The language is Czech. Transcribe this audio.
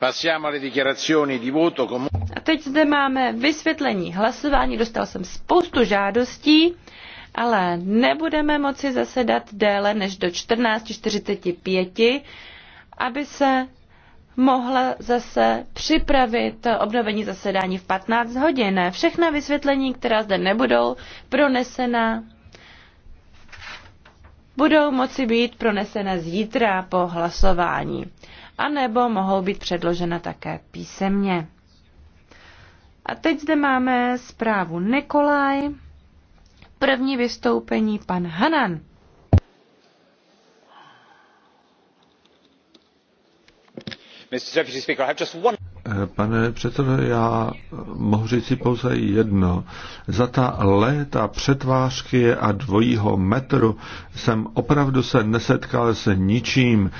A teď zde máme vysvětlení hlasování. Dostal jsem spoustu žádostí, ale nebudeme moci zasedat déle než do 14.45, aby se mohla zase připravit obnovení zasedání v 15 hodin. Všechna vysvětlení, která zde nebudou pronesena, budou moci být pronesena zítra po hlasování anebo mohou být předložena také písemně. A teď zde máme zprávu Nikolaj. První vystoupení pan Hanan. Eh, pane předsedo, já mohu říct si pouze jedno. Za ta léta přetvářky a dvojího metru jsem opravdu se nesetkal se ničím,